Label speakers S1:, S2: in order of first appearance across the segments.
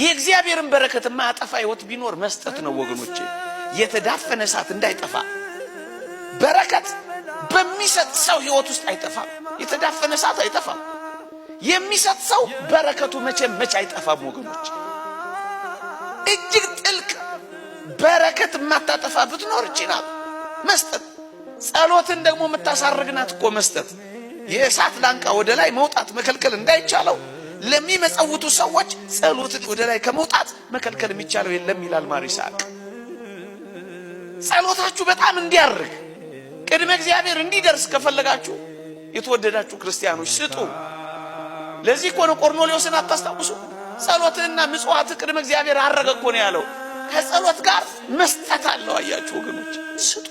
S1: የእግዚአብሔርን በረከት የማያጠፋ ህይወት ቢኖር መስጠት ነው ወገኖቼ። የተዳፈነ እሳት እንዳይጠፋ በረከት በሚሰጥ ሰው ህይወት ውስጥ አይጠፋም። የተዳፈነ እሳት አይጠፋም። የሚሰጥ ሰው በረከቱ መቼም መቼ አይጠፋም ወገኖች። እጅግ ጥልቅ በረከት የማታጠፋ ብትኖር ይችላል መስጠት። ጸሎትን ደግሞ የምታሳርግናት እኮ መስጠት። የእሳት ላንቃ ወደ ላይ መውጣት መከልከል እንዳይቻለው ለሚመጸውቱ ሰዎች ጸሎትን ወደ ላይ ከመውጣት መከልከል የሚቻለው የለም ይላል ማሪሳቅ። ጸሎታችሁ በጣም እንዲያርግ ቅድመ እግዚአብሔር እንዲደርስ ከፈለጋችሁ የተወደዳችሁ ክርስቲያኖች ስጡ። ለዚህ እኮ ነው ቆርኔሌዎስን አታስታውሱ? ጸሎትንና ምጽዋት ቅድመ እግዚአብሔር አረገ እኮ ነው ያለው። ከጸሎት ጋር መስጠት አለው። አያችሁ ወገኖች፣ ስጡ።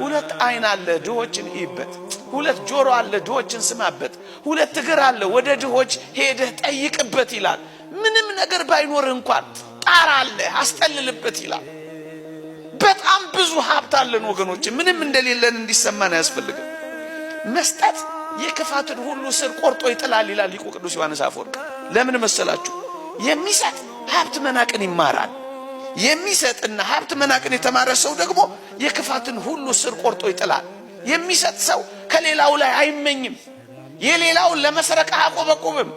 S1: ሁለት አይን አለ፣ ድሆችን ይበት ሁለት ጆሮ አለ፣ ድሆችን ስማበት። ሁለት እግር አለ፣ ወደ ድሆች ሄደህ ጠይቅበት ይላል። ምንም ነገር ባይኖር እንኳን ጣራ አለ፣ አስጠልልበት ይላል። በጣም ብዙ ሀብት አለን ወገኖች፣ ምንም እንደሌለን እንዲሰማን አያስፈልግም። መስጠት የክፋትን ሁሉ ስር ቆርጦ ይጥላል ይላል ሊቁ ቅዱስ ዮሐንስ አፈወርቅ። ለምን መሰላችሁ? የሚሰጥ ሀብት መናቅን ይማራል። የሚሰጥና ሀብት መናቅን የተማረ ሰው ደግሞ የክፋትን ሁሉ ስር ቆርጦ ይጥላል። የሚሰጥ ሰው ከሌላው ላይ አይመኝም። የሌላውን ለመስረቅ አያቆበቁብም።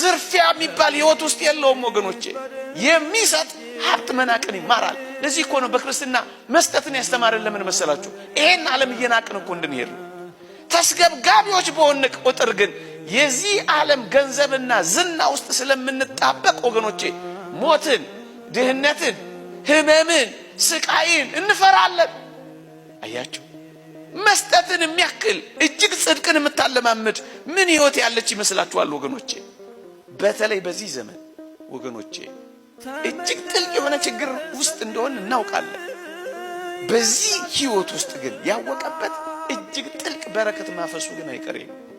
S1: ዝርፊያ የሚባል ህይወት ውስጥ የለውም ወገኖቼ። የሚሰጥ ሀብት መናቅን ይማራል። ለዚህ እኮ ነው በክርስትና መስጠትን ያስተማረን። ለምን መሰላችሁ? ይሄን ዓለም እየናቅን እኮ እንድንሄድ ነው። ተስገብጋቢዎች በሆነ ቁጥር ግን የዚህ ዓለም ገንዘብና ዝና ውስጥ ስለምንጣበቅ ወገኖቼ ሞትን፣ ድህነትን፣ ህመምን፣ ስቃይን እንፈራለን። አያችሁ። መስጠትን የሚያክል እጅግ ጽድቅን የምታለማምድ ምን ህይወት ያለች ይመስላችኋል? ወገኖቼ በተለይ በዚህ ዘመን ወገኖቼ እጅግ ጥልቅ የሆነ ችግር ውስጥ እንደሆን እናውቃለን። በዚህ ህይወት ውስጥ ግን ያወቀበት እጅግ ጥልቅ በረከት ማፈሱ ግን አይቀሬ ነው።